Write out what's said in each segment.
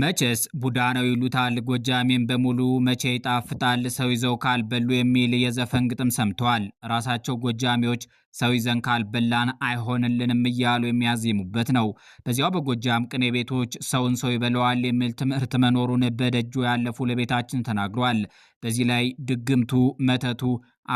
መቼስ ቡዳ ነው ይሉታል ጎጃሜን በሙሉ መቼ ይጣፍጣል ሰው ይዘው ካልበሉ የሚል የዘፈን ግጥም ሰምተዋል። ራሳቸው ጎጃሜዎች ሰው ይዘን ካልበላን አይሆንልንም እያሉ የሚያዜሙበት ነው። በዚያው በጎጃም ቅኔ ቤቶች ሰውን ሰው ይበለዋል የሚል ትምህርት መኖሩን በደጁ ያለፉ ለቤታችን ተናግሯል። በዚህ ላይ ድግምቱ፣ መተቱ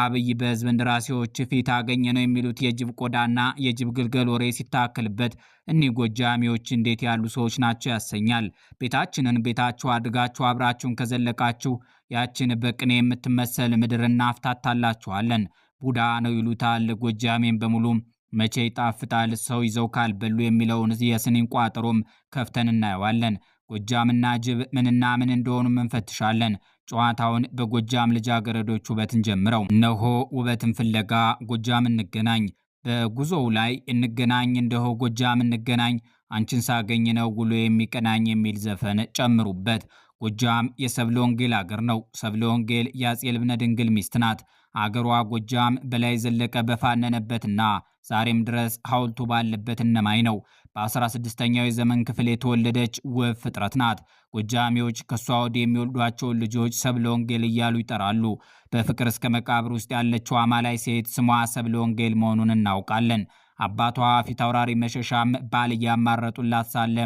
አብይ በህዝብ እንደራሴዎች ፊት አገኘ ነው የሚሉት የጅብ ቆዳና የጅብ ግልገል ወሬ ሲታከልበት እኒህ ጎጃሚዎች እንዴት ያሉ ሰዎች ናቸው ያሰኛል። ቤታችንን ቤታችሁ አድርጋችሁ አብራችሁን ከዘለቃችሁ ያችን በቅኔ የምትመሰል ምድር እናፍታታላችኋለን። ቡዳ ነው ይሉታል ጎጃሜን በሙሉ መቼ ይጣፍጣል ሰው ይዘው ካልበሉ የሚለውን የስኒን ቋጠሮም ከፍተን እናየዋለን። ጎጃምና ጅብ ምንና ምን እንደሆኑም እንፈትሻለን። ጨዋታውን በጎጃም ልጃገረዶች ውበትን ጀምረው እነሆ ውበትን ፍለጋ ጎጃም እንገናኝ፣ በጉዞው ላይ እንገናኝ፣ እንደሆ ጎጃም እንገናኝ፣ አንቺን ሳገኝ ነው ውሎ የሚቀናኝ የሚል ዘፈን ጨምሩበት። ጎጃም የሰብለ ወንጌል አገር ነው። ሰብለ ወንጌል የአፄ ልብነ ድንግል ሚስት ናት። አገሯ ጎጃም በላይ ዘለቀ በፋነነበትና ዛሬም ድረስ ሐውልቱ ባለበት እነማይ ነው። በ16ኛው የዘመን ክፍል የተወለደች ውብ ፍጥረት ናት። ጎጃሜዎች ከእሷ ወዲህ የሚወልዷቸውን ልጆች ሰብለ ወንጌል እያሉ ይጠራሉ። በፍቅር እስከ መቃብር ውስጥ ያለችው አማላይ ሴት ስሟ ሰብለ ወንጌል መሆኑን እናውቃለን። አባቷ ፊታውራሪ መሸሻም ባል እያማረጡላት ሳለ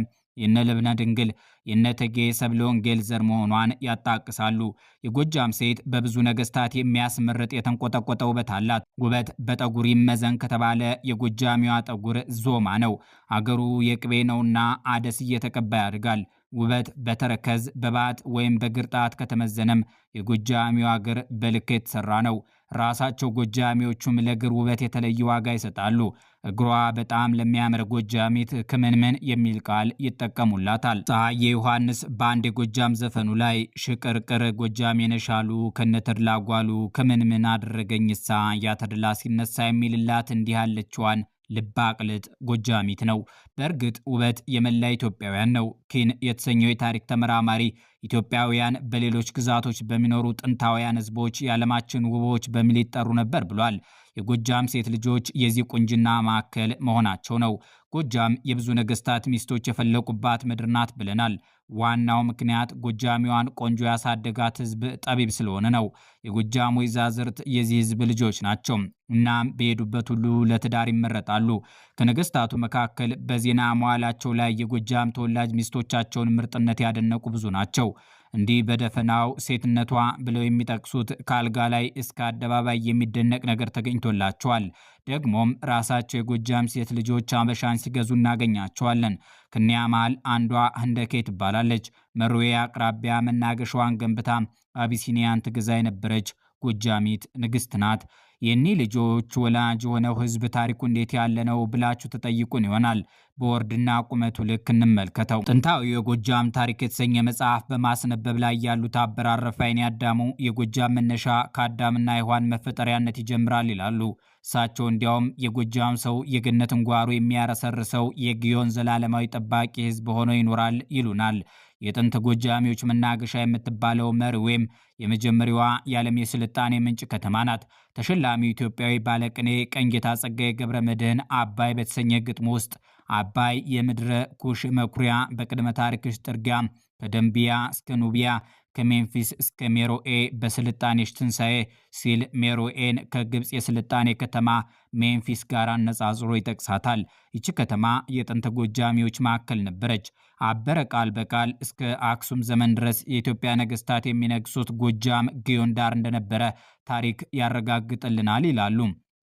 የነ ልብነ ድንግል የነ ተጌ ሰብለ ወንጌል ዘር መሆኗን ያጣቅሳሉ። የጎጃም ሴት በብዙ ነገስታት የሚያስመርጥ የተንቆጠቆጠ ውበት አላት። ውበት በጠጉር ይመዘን ከተባለ የጎጃሚዋ ጠጉር ዞማ ነው። አገሩ የቅቤ ነውና አደስ እየተቀባ ያድጋል። ውበት በተረከዝ በባት ወይም በግርጣት ከተመዘነም የጎጃሚዋ እግር በልክ የተሰራ ነው። ራሳቸው ጎጃሚዎቹም ለእግር ውበት የተለየ ዋጋ ይሰጣሉ። እግሯ በጣም ለሚያምር ጎጃሚት ክምንምን የሚል ቃል ይጠቀሙላታል። ፀሐዬ ዮሐንስ በአንድ የጎጃም ዘፈኑ ላይ ሽቅርቅር ጎጃም የነሻሉ ከነተድላ ጓሉ ክምንምን አደረገኝሳ ያተድላ ሲነሳ የሚልላት እንዲህ አለችዋን ልባቅልጥ ጎጃሚት ነው። በእርግጥ ውበት የመላ ኢትዮጵያውያን ነው። ኪን የተሰኘው የታሪክ ተመራማሪ ኢትዮጵያውያን በሌሎች ግዛቶች በሚኖሩ ጥንታውያን ህዝቦች የዓለማችን ውቦች በሚል ይጠሩ ነበር ብሏል። የጎጃም ሴት ልጆች የዚህ ቁንጅና ማዕከል መሆናቸው ነው። ጎጃም የብዙ ነገስታት ሚስቶች የፈለቁባት ምድር ናት ብለናል። ዋናው ምክንያት ጎጃሚዋን ቆንጆ ያሳደጋት ህዝብ ጠቢብ ስለሆነ ነው። የጎጃሙ ይዛዝርት የዚህ ህዝብ ልጆች ናቸው። እናም በሄዱበት ሁሉ ለትዳር ይመረጣሉ። ከነገስታቱ መካከል በዜና መዋላቸው ላይ የጎጃም ተወላጅ ሚስቶቻቸውን ምርጥነት ያደነቁ ብዙ ናቸው። እንዲህ በደፈናው ሴትነቷ ብለው የሚጠቅሱት ከአልጋ ላይ እስከ አደባባይ የሚደነቅ ነገር ተገኝቶላቸዋል። ደግሞም ራሳቸው የጎጃም ሴት ልጆች አበሻን ሲገዙ እናገኛቸዋለን። ክንያ መሃል አንዷ ህንደኬ ትባላለች። መሮዬ አቅራቢያ መናገሻዋን ገንብታ አቢሲኒያን ትገዛ የነበረች ጎጃሚት ንግሥት ናት። የእኒህ ልጆች ወላጅ የሆነው ህዝብ ታሪኩ እንዴት ያለ ነው ብላችሁ ተጠይቁን ይሆናል። በወርድና ቁመቱ ልክ እንመልከተው። ጥንታዊ የጎጃም ታሪክ የተሰኘ መጽሐፍ በማስነበብ ላይ ያሉት አበራር ረፋይን ያዳሙ የጎጃም መነሻ ከአዳምና ሔዋን መፈጠሪያነት ይጀምራል ይላሉ። እሳቸው እንዲያውም የጎጃም ሰው የገነትን ጓሮ የሚያረሰርሰው የግዮን ዘላለማዊ ጠባቂ ህዝብ ሆኖ ይኖራል ይሉናል። የጥንት ጎጃሚዎች መናገሻ የምትባለው መርዌም የመጀመሪያዋ የዓለም የስልጣኔ ምንጭ ከተማ ናት። ተሸላሚው ኢትዮጵያዊ ባለቅኔ ቀኝጌታ ጸጋዬ ገብረ መድህን አባይ በተሰኘ ግጥም ውስጥ አባይ የምድረ ኩሽ መኩሪያ በቅድመ ታሪክሽ ጥርጊያ ከደንቢያ እስከ ኑቢያ ከሜንፊስ እስከ ሜሮኤ በስልጣኔሽ ትንሣኤ ሲል ሜሮኤን ከግብፅ የስልጣኔ ከተማ ሜንፊስ ጋር አነጻጽሮ ይጠቅሳታል። ይቺ ከተማ የጥንት ጎጃሚዎች ማዕከል ነበረች። አበረ ቃል በቃል እስከ አክሱም ዘመን ድረስ የኢትዮጵያ ነገስታት የሚነግሱት ጎጃም ግዮን ዳር እንደነበረ ታሪክ ያረጋግጥልናል ይላሉ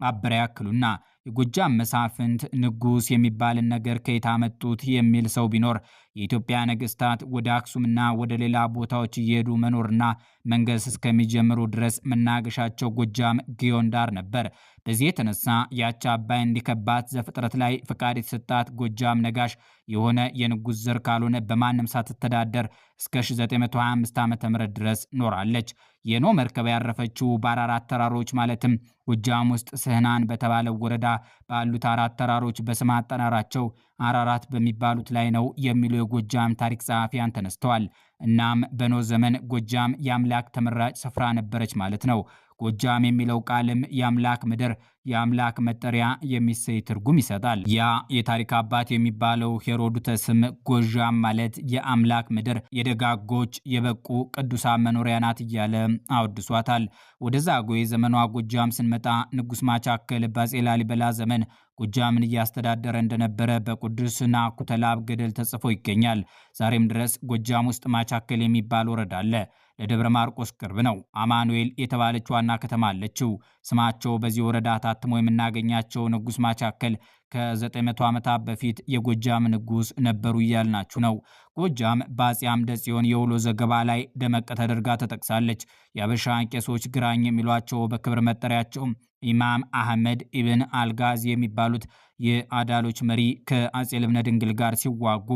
አበረ ያክሉና የጎጃም መሳፍንት ንጉስ የሚባልን ነገር ከየት አመጡት የሚል ሰው ቢኖር የኢትዮጵያ ነገስታት ወደ አክሱምና ወደ ሌላ ቦታዎች እየሄዱ መኖርና መንገስ እስከሚጀምሩ ድረስ መናገሻቸው ጎጃም ግዮን ዳር ነበር። በዚህ የተነሳ ያች አባይ እንዲከባት ዘፍጥረት ላይ ፍቃድ የተሰጣት ጎጃም ነጋሽ የሆነ የንጉስ ዘር ካልሆነ በማንም ሳትተዳደር እስከ 925 ዓ ም ድረስ ኖራለች። የኖ መርከብ ያረፈችው በአራራት ተራሮች ማለትም ጎጃም ውስጥ ስህናን በተባለው ወረዳ ባሉት አራት ተራሮች በስም አጠራራቸው አራራት በሚባሉት ላይ ነው የሚሉ የጎጃም ታሪክ ጸሐፊያን ተነስተዋል። እናም በኖ ዘመን ጎጃም የአምላክ ተመራጭ ስፍራ ነበረች ማለት ነው። ጎጃም የሚለው ቃልም የአምላክ ምድር፣ የአምላክ መጠሪያ የሚሰይ ትርጉም ይሰጣል። ያ የታሪክ አባት የሚባለው ሄሮዱተስም ጎዣም ማለት የአምላክ ምድር፣ የደጋጎች የበቁ ቅዱሳን መኖሪያ ናት እያለ አወድሷታል። ወደ ዛጉዌ ዘመኗ ጎጃም ስንመጣ ንጉሥ ማቻከል በአጼ ላሊበላ ዘመን ጎጃምን እያስተዳደረ እንደነበረ በቅዱስ ኩተላብ ገደል ተጽፎ ይገኛል። ዛሬም ድረስ ጎጃም ውስጥ ማቻከል የሚባል ወረዳ አለ። ለደብረ ማርቆስ ቅርብ ነው። አማኑኤል የተባለች ዋና ከተማ አለችው። ስማቸው በዚህ ወረዳ ታትሞ የምናገኛቸው ንጉሥ ማቻከል ከ900 ዓመታት በፊት የጎጃም ንጉሥ ነበሩ እያልናችሁ ነው። ጎጃም በአፄ አምደ ጽዮን የውሎ ዘገባ ላይ ደመቅ ተደርጋ ተጠቅሳለች። የአበሻ ቄሶች ግራኝ የሚሏቸው በክብር መጠሪያቸው ኢማም አህመድ ኢብን አልጋዝ የሚባሉት የአዳሎች መሪ ከአፄ ልብነ ድንግል ጋር ሲዋጉ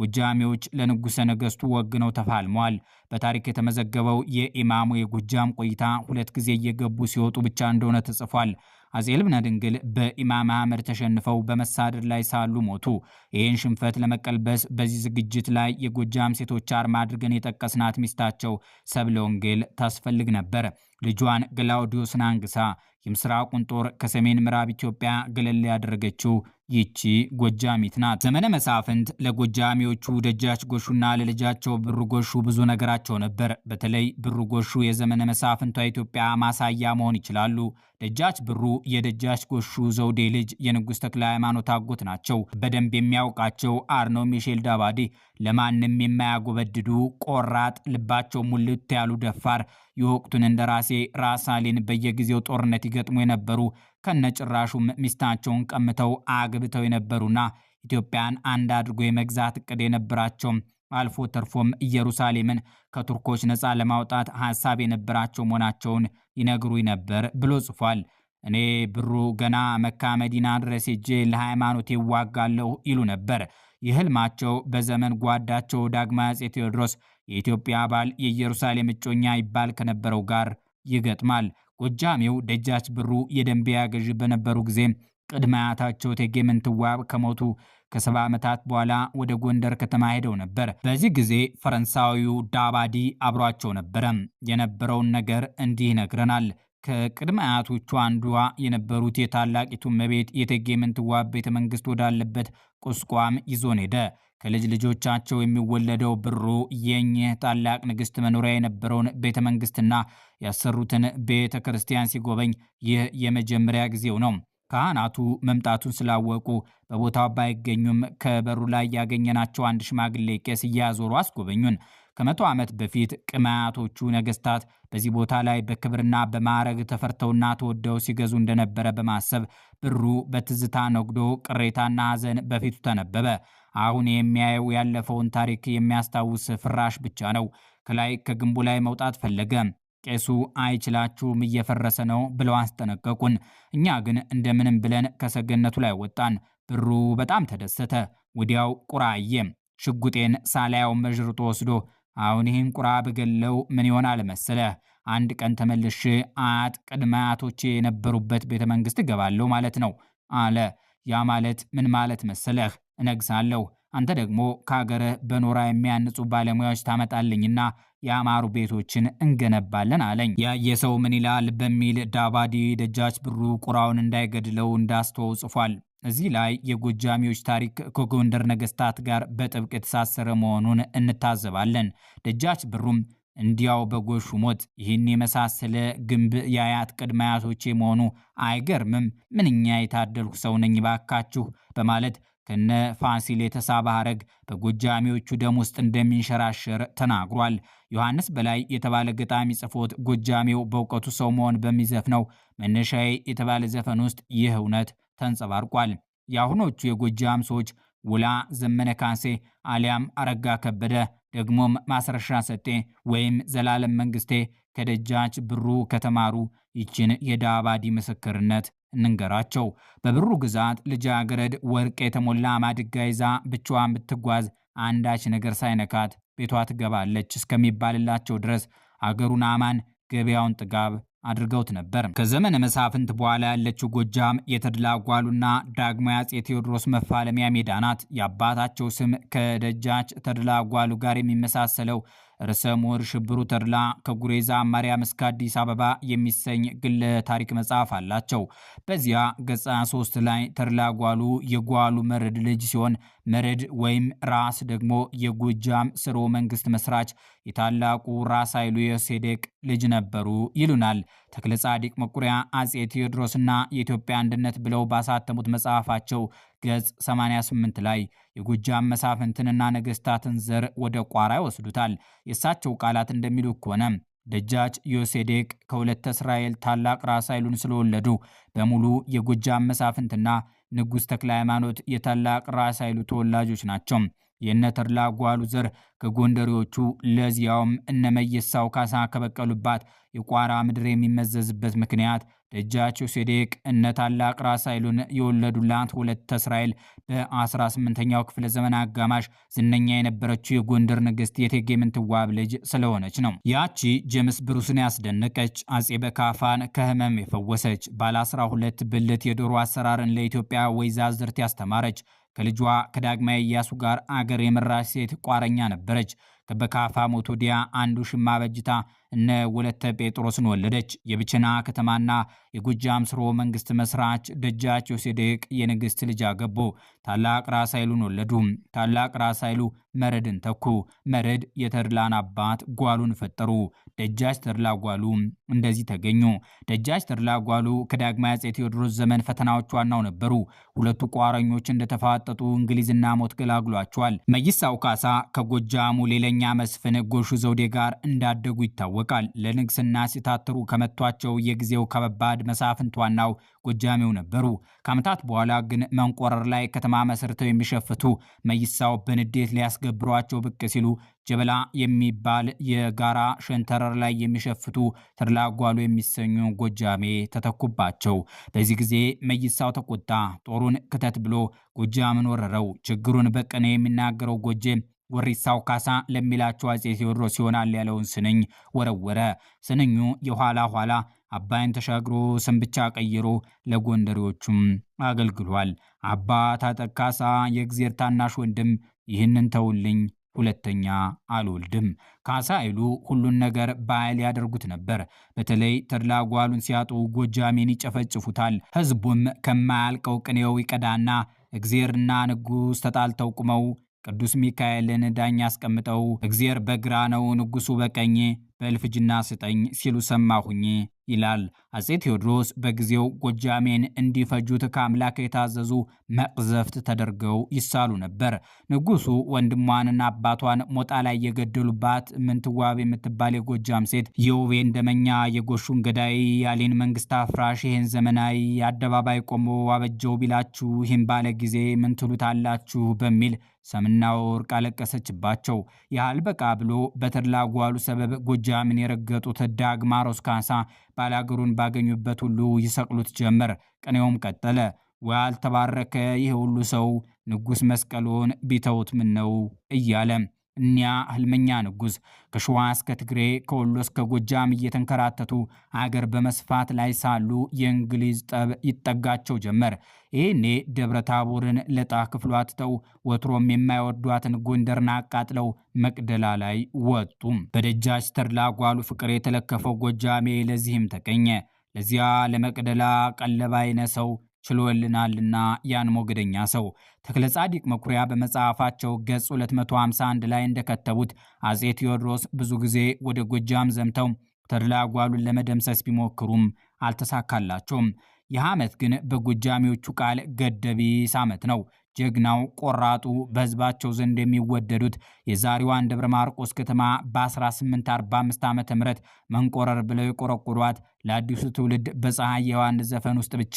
ጎጃሜዎች ለንጉሠ ነገሥቱ ወግነው ተፋልመዋል። በታሪክ የተመዘገበው የኢማሙ የጎጃም ቆይታ ሁለት ጊዜ እየገቡ ሲወጡ ብቻ እንደሆነ ተጽፏል። አፄ ልብነ ድንግል በኢማም አህመድ ተሸንፈው በመሳደድ ላይ ሳሉ ሞቱ። ይህን ሽንፈት ለመቀልበስ በዚህ ዝግጅት ላይ የጎጃም ሴቶች አርማ አድርገን የጠቀስናት ሚስታቸው ሰብለ ወንጌል ታስፈልግ ነበር። ልጇን ግላውዲዮስን አንግሳ የምስራቁን ጦር ከሰሜን ምዕራብ ኢትዮጵያ ገለል ያደረገችው ይቺ ጎጃሚት ናት። ዘመነ መሳፍንት ለጎጃሚዎቹ ደጃች ጎሹና ለልጃቸው ብሩ ጎሹ ብዙ ነገራቸው ነበር። በተለይ ብሩ ጎሹ የዘመነ መሳፍንቷ ኢትዮጵያ ማሳያ መሆን ይችላሉ። ደጃች ብሩ የደጃች ጎሹ ዘውዴ ልጅ የንጉሥ ተክለ ሃይማኖት አጎት ናቸው። በደንብ የሚያውቃቸው አርኖ ሚሼል ዳባዴ ለማንም የማያጎበድዱ ቆራጥ፣ ልባቸው ሙልት ያሉ ደፋር የወቅቱን እንደራሴ ራሳሌን በየጊዜው ጦርነት ይገጥሙ የነበሩ ከነጭራሹም ሚስታቸውን ቀምተው አግብተው የነበሩና ኢትዮጵያን አንድ አድርጎ የመግዛት እቅድ የነበራቸው አልፎ ተርፎም ኢየሩሳሌምን ከቱርኮች ነፃ ለማውጣት ሐሳብ የነበራቸው መሆናቸውን ይነግሩ ነበር ብሎ ጽፏል። እኔ ብሩ ገና መካ መዲና ድረስ ሄጄ ለሃይማኖት ይዋጋለሁ ይሉ ነበር። የህልማቸው በዘመን ጓዳቸው ዳግማዊ ጼ ቴዎድሮስ የኢትዮጵያ አባል የኢየሩሳሌም እጮኛ ይባል ከነበረው ጋር ይገጥማል። ጎጃሜው ደጃች ብሩ የደንቢያ ገዥ በነበሩ ጊዜ ቅድመ አያታቸው እቴጌ ምንትዋብ ከሞቱ ከሰባ ዓመታት በኋላ ወደ ጎንደር ከተማ ሄደው ነበር። በዚህ ጊዜ ፈረንሳዊው ዳባዲ አብሯቸው ነበረ። የነበረውን ነገር እንዲህ ይነግረናል። ከቅድመ አያቶቹ አንዷ የነበሩት የታላቂቱ እመቤት የእቴጌ ምንትዋብ ቤተ መንግስት ወዳለበት ቁስቋም ይዞን ሄደ። ከልጅ ልጆቻቸው የሚወለደው ብሩ የኝህ ታላቅ ንግሥት መኖሪያ የነበረውን ቤተ መንግሥትና ያሰሩትን ቤተ ክርስቲያን ሲጎበኝ ይህ የመጀመሪያ ጊዜው ነው። ካህናቱ መምጣቱን ስላወቁ በቦታው ባይገኙም ከበሩ ላይ ያገኘናቸው አንድ ሽማግሌ ቄስ እያዞሩ አስጎበኙን። ከመቶ ዓመት በፊት ቅማያቶቹ ነገስታት በዚህ ቦታ ላይ በክብርና በማዕረግ ተፈርተውና ተወደው ሲገዙ እንደነበረ በማሰብ ብሩ በትዝታ ነግዶ ቅሬታና ሐዘን በፊቱ ተነበበ። አሁን የሚያየው ያለፈውን ታሪክ የሚያስታውስ ፍራሽ ብቻ ነው። ከላይ ከግንቡ ላይ መውጣት ፈለገ። ቄሱ አይችላችሁም እየፈረሰ ነው ብለው አስጠነቀቁን። እኛ ግን እንደምንም ብለን ከሰገነቱ ላይ ወጣን። ብሩ በጣም ተደሰተ። ወዲያው ቁራ አየ። ሽጉጤን ሳላያው መዥርጦ ወስዶ አሁን ይህን ቁራ ብገለው ምን ይሆናል መሰለህ አንድ ቀን ተመልሽ አያት ቅድመ አያቶቼ የነበሩበት ቤተ መንግስት እገባለሁ ማለት ነው አለ። ያ ማለት ምን ማለት መሰለህ? እነግሳለሁ አንተ ደግሞ ከሀገርህ በኖራ የሚያንጹ ባለሙያዎች ታመጣልኝና የአማሩ ቤቶችን እንገነባለን አለኝ። ያየ ሰው ምን ይላል በሚል ዳባዲ ደጃች ብሩ ቁራውን እንዳይገድለው እንዳስተው ጽፏል። እዚህ ላይ የጎጃሚዎች ታሪክ ከጎንደር ነገስታት ጋር በጥብቅ የተሳሰረ መሆኑን እንታዘባለን። ደጃች ብሩም እንዲያው በጎሹ ሞት ይህን የመሳሰለ ግንብ የአያት ቅድመ አያቶቼ መሆኑ አይገርምም፣ ምንኛ የታደልኩ ሰው ነኝ ባካችሁ በማለት ከነ ፋሲል የተሳበ ሐረግ በጎጃሚዎቹ ደም ውስጥ እንደሚንሸራሸር ተናግሯል። ዮሐንስ በላይ የተባለ ገጣሚ ጽፎት ጎጃሜው በእውቀቱ ሰው መሆን በሚዘፍነው መነሻዬ የተባለ ዘፈን ውስጥ ይህ እውነት ተንጸባርቋል። የአሁኖቹ የጎጃም ሰዎች ውላ ዘመነ ካሴ አሊያም አረጋ ከበደ ደግሞም ማስረሻ ሰጤ ወይም ዘላለም መንግስቴ ከደጃች ብሩ ከተማሩ ይችን የዳባዲ ምስክርነት እንንገራቸው። በብሩ ግዛት ልጃገረድ ወርቅ የተሞላ ማድጋ ይዛ ብቻዋን ብትጓዝ አንዳች ነገር ሳይነካት ቤቷ ትገባለች እስከሚባልላቸው ድረስ አገሩን አማን ገበያውን ጥጋብ አድርገውት ነበር። ከዘመነ መሳፍንት በኋላ ያለችው ጎጃም የተድላጓሉና ጓሉና ዳግማዊ አጼ ቴዎድሮስ መፋለሚያ ሜዳ ናት። የአባታቸው ስም ከደጃች ተድላጓሉ ጋር የሚመሳሰለው ርዕሰ ምሁር ሽብሩ ተድላ ከጉሬዛ ማርያም እስከ አዲስ አበባ የሚሰኝ ግለ ታሪክ መጽሐፍ አላቸው። በዚያ ገጻ ሶስት ላይ ተድላ ጓሉ የጓሉ መርድ ልጅ ሲሆን መርድ ወይም ራስ ደግሞ የጎጃም ስሮ መንግስት መስራች የታላቁ ራስ ኃይሉ የሴዴቅ ልጅ ነበሩ ይሉናል። ተክለ ጻዲቅ መቁሪያ አጼ ቴዎድሮስና የኢትዮጵያ አንድነት ብለው ባሳተሙት መጽሐፋቸው ገጽ 88 ላይ የጎጃም መሳፍንትንና ነገስታትን ዘር ወደ ቋራ ይወስዱታል። የእሳቸው ቃላት እንደሚሉ ከሆነ ደጃች ዮሴዴቅ ከሁለት እስራኤል ታላቅ ራስ ኃይሉን ስለወለዱ በሙሉ የጎጃም መሳፍንትና ንጉሥ ተክለ ሃይማኖት የታላቅ ራስ ኃይሉ ተወላጆች ናቸው። የነ ተድላ ጓሉ ዘር ከጎንደሬዎቹ ለዚያውም እነ መየሳው ካሳ ከበቀሉባት የቋራ ምድር የሚመዘዝበት ምክንያት ደጃቸው ሴዴቅ እነ ታላቅ ራስ ኃይሉን የወለዱላት ሁለት እስራኤል በ18ኛው ክፍለ ዘመን አጋማሽ ዝነኛ የነበረችው የጎንደር ንግሥት የእቴጌ ምንትዋብ ልጅ ስለሆነች ነው። ያቺ ጀምስ ብሩስን ያስደነቀች አፄ በካፋን ከህመም የፈወሰች ባለ 12 ብልት የዶሮ አሰራርን ለኢትዮጵያ ወይዛዝርት ያስተማረች ከልጇ ከዳግማዊ ኢያሱ ጋር አገር የመራች ሴት ቋረኛ ነበረች። ከበካፋ ሞት ወዲያ አንዱ ሽማ በጅታ እነ ወለተ ጴጥሮስን ወለደች። የብቸና ከተማና የጎጃም ስሮ መንግስት መስራች ደጃች ዮሴዴቅ የንግሥት ልጅ አገቡ። ታላቅ ራስ ኃይሉን ወለዱ። ታላቅ ራስ ኃይሉ መረድን ተኩ። መረድ የተድላን አባት ጓሉን ፈጠሩ። ደጃች ተድላ ጓሉ እንደዚህ ተገኙ። ደጃች ተድላ ጓሉ ከዳግማዊ አፄ ቴዎድሮስ ዘመን ፈተናዎች ዋናው ነበሩ። ሁለቱ ቋረኞች እንደተፋጠጡ እንግሊዝና ሞት ገላግሏቸዋል። መይሳው ካሳ ከጎጃሙ ሌለኛ መስፍን ጎሹ ዘውዴ ጋር እንዳደጉ ይታወቃል። ይታወቃል። ለንግስና ሲታትሩ ከመቷቸው የጊዜው ከባባድ መሳፍንት ዋናው ጎጃሜው ነበሩ። ከዓመታት በኋላ ግን መንቆረር ላይ ከተማ መሰርተው የሚሸፍቱ መይሳው በንዴት ሊያስገብሯቸው ብቅ ሲሉ ጀበላ የሚባል የጋራ ሸንተረር ላይ የሚሸፍቱ ተድላ የሚሰኙ ጎጃሜ ተተኩባቸው። በዚህ ጊዜ መይሳው ተቆጣ። ጦሩን ክተት ብሎ ጎጃምን ወረረው። ችግሩን በቀነ የሚናገረው ጎጄ ወሪሳው ካሳ ለሚላቸው አፄ ቴዎድሮስ ይሆናል ያለውን ስንኝ ወረወረ። ስንኙ የኋላ ኋላ አባይን ተሻግሮ ስም ብቻ ቀይሮ ለጎንደሬዎቹም አገልግሏል። አባ ታጠቅ ካሳ የእግዜር ታናሽ ወንድም ይህንን ተውልኝ ሁለተኛ አልወልድም። ካሳ አይሉ ሁሉን ነገር በኃይል ያደርጉት ነበር። በተለይ ተድላ ጓሉን ሲያጡ ጎጃሜን ይጨፈጭፉታል። ሕዝቡም ከማያልቀው ቅኔው ይቀዳና እግዜርና ንጉሥ ተጣልተው ቁመው ቅዱስ ሚካኤልን ዳኛ አስቀምጠው እግዜር በግራ ነው ንጉሱ በቀኝ በእልፍጅና ስጠኝ ሲሉ ሰማሁኝ ይላል አጼ ቴዎድሮስ። በጊዜው ጎጃሜን እንዲፈጁት ከአምላክ የታዘዙ መቅዘፍት ተደርገው ይሳሉ ነበር። ንጉሱ ወንድሟንና አባቷን ሞጣ ላይ የገደሉባት ምንትዋብ የምትባል የጎጃም ሴት የውቤን ደመኛ፣ የጎሹን ገዳይ፣ ያሌን መንግስት አፍራሽ፣ ይህን ዘመናዊ አደባባይ ቆሞ አበጀው ቢላችሁ ይህን ባለ ጊዜ ምን ትሉታላችሁ በሚል ሰምና ወርቅ አለቀሰችባቸው። ያህል በቃ ብሎ በተላጓሉ ጓሉ ሰበብ ጎጃምን የረገጡት ዳግማ ሮስ ካሳ ባላገሩን ባገኙበት ሁሉ ይሰቅሉት ጀመር። ቅኔውም ቀጠለ። ወይ አልተባረከ ይህ ሁሉ ሰው ንጉሥ መስቀሉን ቢተውት ምን ነው እያለ እኒያ ህልመኛ ንጉሥ ከሸዋ እስከ ትግሬ ከወሎ እስከ ጎጃም እየተንከራተቱ አገር በመስፋት ላይ ሳሉ የእንግሊዝ ጠብ ይጠጋቸው ጀመር። ይህኔ ደብረ ታቦርን ለጣ ክፍሏ አትተው ወትሮም የማይወዷትን ጎንደርን አቃጥለው መቅደላ ላይ ወጡ። በደጃች ተድላ ጓሉ ፍቅር የተለከፈው ጎጃሜ ለዚህም ተገኘ። ለዚያ ለመቅደላ ቀለባ አይነ ሰው ችሎልናልና ያን ሞገደኛ ሰው ተክለ ጻዲቅ መኩሪያ በመጽሐፋቸው ገጽ 251 ላይ እንደከተቡት አጼ ቴዎድሮስ ብዙ ጊዜ ወደ ጎጃም ዘምተው ተድላ ጓሉን ለመደምሰስ ቢሞክሩም አልተሳካላቸውም። ይህ ዓመት ግን በጎጃሚዎቹ ቃል ገደቢስ ዓመት ነው። ጀግናው ቆራጡ፣ በህዝባቸው ዘንድ የሚወደዱት የዛሬዋን ደብረ ማርቆስ ከተማ በ1845 ዓ ም መንቆረር ብለው የቆረቆሯት ለአዲሱ ትውልድ በፀሐይ የዋንድ ዘፈን ውስጥ ብቻ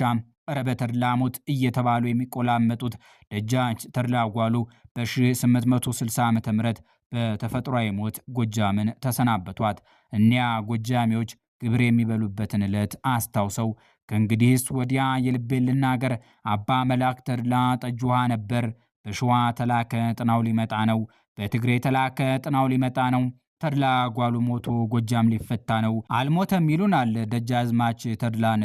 ረበ ተድላሞት እየተባሉ የሚቆላመጡት ደጃች ተድላጓሉ በ860 ዓ ም በተፈጥሯዊ ሞት ጎጃምን ተሰናበቷት። እኒያ ጎጃሚዎች ግብር የሚበሉበትን ዕለት አስታውሰው ከእንግዲህስ ወዲያ የልቤን ልናገር፣ አባ መልአክ ተድላ ጠጅ ውሃ ነበር፣ በሸዋ ተላከ ጥናው ሊመጣ ነው፣ በትግሬ ተላከ ጥናው ሊመጣ ነው ተድላ ጓሉ ሞቶ ጎጃም ሊፈታ ነው፣ አልሞተም ይሉናል ደጃዝማች ተድላን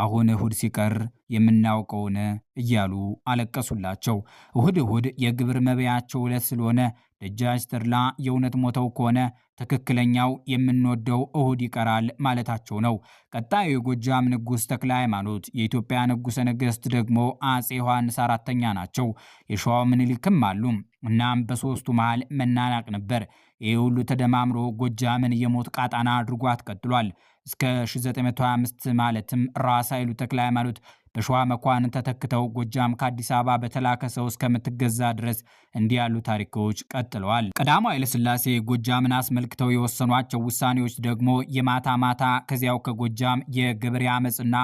አሁን እሁድ ሲቀር የምናውቀውን እያሉ አለቀሱላቸው። እሁድ እሁድ የግብር መብያቸው ዕለት ስለሆነ ደጃች ተድላ የእውነት ሞተው ከሆነ ትክክለኛው የምንወደው እሁድ ይቀራል ማለታቸው ነው። ቀጣዩ የጎጃም ንጉሥ ተክለ ሃይማኖት፣ የኢትዮጵያ ንጉሠ ነገሥት ደግሞ አጼ ዮሐንስ አራተኛ ናቸው። የሸዋው ምኒልክም አሉ። እናም በሦስቱ መሃል መናናቅ ነበር። ይህ ሁሉ ተደማምሮ ጎጃምን የሞት ቃጣና አድርጓት ቀጥሏል። እስከ 1925 ማለትም ራስ ኃይሉ ተክለ ሃይማኖት በሸዋ መኳን ተተክተው ጎጃም ከአዲስ አበባ በተላከ ሰው እስከምትገዛ ድረስ እንዲህ ያሉ ታሪኮች ቀጥለዋል። ቀዳማዊ ኃይለሥላሴ ጎጃምን አስመልክተው የወሰኗቸው ውሳኔዎች ደግሞ የማታ ማታ ከዚያው ከጎጃም የገበሬ አመፅና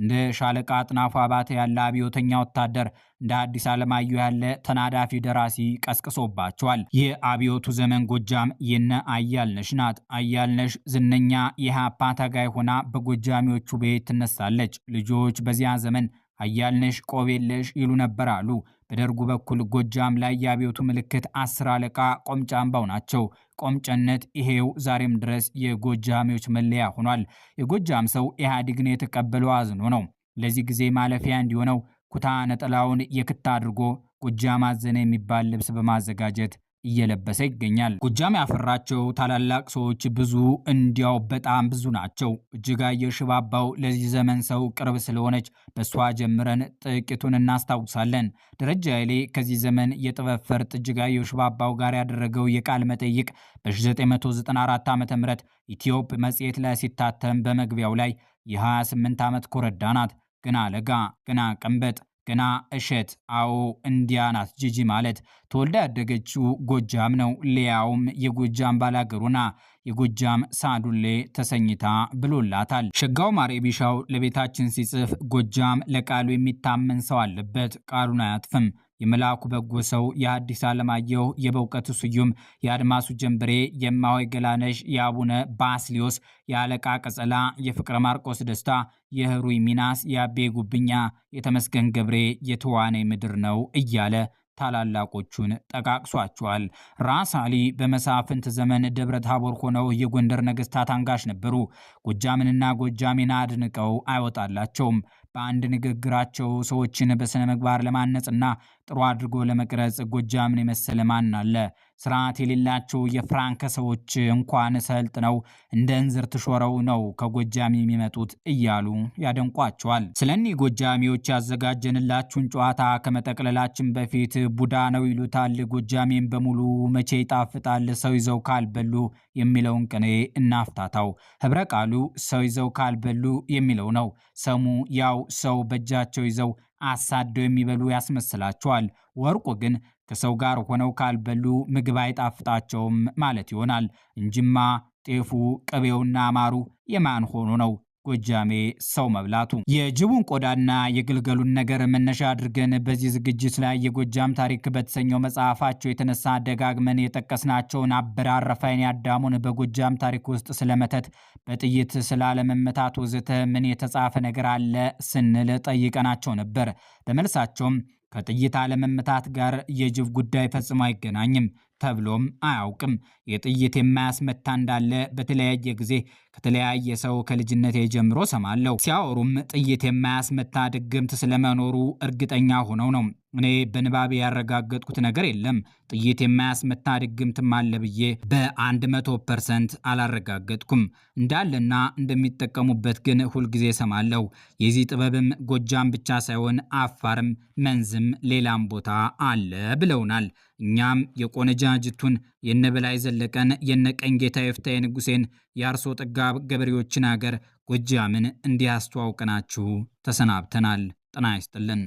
እንደ ሻለቃ አጥናፉ አባተ ያለ አብዮተኛ ወታደር እንደ አዲስ አለማየሁ ያለ ተናዳፊ ደራሲ ቀስቅሶባቸዋል። የአብዮቱ ዘመን ጎጃም የነ አያልነሽ ናት። አያልነሽ ዝነኛ የሀፓ ታጋይ ሆና በጎጃሚዎቹ ቤት ትነሳለች። ልጆች በዚያ ዘመን አያልነሽ ቆቤለሽ ይሉ ነበር አሉ። በደርጉ በኩል ጎጃም ላይ የአብዮቱ ምልክት አስር አለቃ ቆምጫ አምባው ናቸው። ቆምጨነት ይሄው ዛሬም ድረስ የጎጃሚዎች መለያ ሆኗል። የጎጃም ሰው ኢህአዲግን የተቀበለው አዝኖ ነው። ለዚህ ጊዜ ማለፊያ እንዲሆነው ኩታ ነጠላውን የክታ አድርጎ ጎጃም አዘነ የሚባል ልብስ በማዘጋጀት እየለበሰ ይገኛል። ጎጃም ያፈራቸው ታላላቅ ሰዎች ብዙ እንዲያው በጣም ብዙ ናቸው። እጅጋየሁ ሽባባው ለዚህ ዘመን ሰው ቅርብ ስለሆነች በእሷ ጀምረን ጥቂቱን እናስታውሳለን። ደረጃ ኃይሌ ከዚህ ዘመን የጥበብ ፈርጥ እጅጋየሁ ሽባባው ጋር ያደረገው የቃል መጠይቅ በ1994 ዓ ም ኢትዮፕ መጽሔት ላይ ሲታተም በመግቢያው ላይ የ28 ዓመት ኮረዳ ናት። ግና ለጋ፣ ግና ቀንበጥ ገና እሸት አዎ እንዲያ ናት ጂጂ ማለት። ተወልዳ ያደገችው ጎጃም ነው። ሊያውም የጎጃም ባላገሩና የጎጃም ሳዱሌ ተሰኝታ ብሎላታል። ሸጋው ማሬ ቢሻው ለቤታችን ሲጽፍ ጎጃም ለቃሉ የሚታመን ሰው አለበት፣ ቃሉን አያጥፍም የመልአኩ በጎ ሰው የሐዲስ ዓለማየሁ የበውቀቱ ስዩም የአድማሱ ጀንብሬ የማሆይ ገላነሽ የአቡነ ባስሊዮስ የአለቃ ቀጸላ የፍቅረ ማርቆስ ደስታ የህሩይ ሚናስ የአቤ ጉብኛ የተመስገን ገብሬ የተዋኔ ምድር ነው እያለ ታላላቆቹን ጠቃቅሷቸዋል። ራስ አሊ በመሳፍንት ዘመን ደብረ ታቦር ሆነው የጎንደር ነገስታት አንጋሽ ነበሩ። ጎጃምንና ጎጃሜን አድንቀው አይወጣላቸውም። በአንድ ንግግራቸው ሰዎችን በስነ ምግባር ለማነጽና ጥሩ አድርጎ ለመቅረጽ ጎጃምን የመሰለ ማን አለ? ስርዓት የሌላቸው የፍራንከ ሰዎች እንኳን ሰልጥነው እንደ እንዝርት ሾረው ነው ከጎጃም የሚመጡት እያሉ ያደንቋቸዋል። ስለኒህ ጎጃሚዎች ያዘጋጀንላችሁን ጨዋታ ከመጠቅለላችን በፊት ቡዳ ነው ይሉታል ጎጃሜን በሙሉ መቼ ይጣፍጣል ሰው ይዘው ካልበሉ የሚለውን ቅኔ እናፍታታው። ህብረ ቃሉ ሰው ይዘው ካልበሉ የሚለው ነው። ሰሙ ያው ሰው በእጃቸው ይዘው አሳደው የሚበሉ ያስመስላቸዋል። ወርቁ ግን ከሰው ጋር ሆነው ካልበሉ ምግብ አይጣፍጣቸውም ማለት ይሆናል። እንጅማ ጤፉ፣ ቅቤውና አማሩ የማን ሆኖ ነው ጎጃሜ ሰው መብላቱ? የጅቡን ቆዳና የግልገሉን ነገር መነሻ አድርገን በዚህ ዝግጅት ላይ የጎጃም ታሪክ በተሰኘው መጽሐፋቸው የተነሳ ደጋግመን የጠቀስናቸውን ናቸውን ረፋይን ያዳሙን በጎጃም ታሪክ ውስጥ ስለመተት፣ በጥይት ስላለመመታት ወዘተ ምን የተጻፈ ነገር አለ ስንል ጠይቀናቸው ነበር። በመልሳቸውም ከጥይት አለመመታት ጋር የጅብ ጉዳይ ፈጽሞ አይገናኝም ተብሎም አያውቅም። የጥይት የማያስመታ እንዳለ በተለያየ ጊዜ ከተለያየ ሰው ከልጅነቴ ጀምሮ ሰማለሁ። ሲያወሩም ጥይት የማያስመታ ድግምት ስለመኖሩ እርግጠኛ ሆነው ነው። እኔ በንባብ ያረጋገጥኩት ነገር የለም። ጥይት የማያስመታ ድግምትም አለ ብዬ በአንድ መቶ ፐርሰንት አላረጋገጥኩም። እንዳለና እንደሚጠቀሙበት ግን ሁልጊዜ ሰማለሁ። የዚህ ጥበብም ጎጃም ብቻ ሳይሆን አፋርም፣ መንዝም፣ ሌላም ቦታ አለ ብለውናል። እኛም የቆነጃጅቱን የነበላይ ዘለቀን የነቀኝ ጌታ የፍታዬ ንጉሴን የአርሶ ጥጋብ ገበሬዎችን አገር ጎጃምን እንዲያስተዋውቅናችሁ ተሰናብተናል። ጤና ይስጥልን።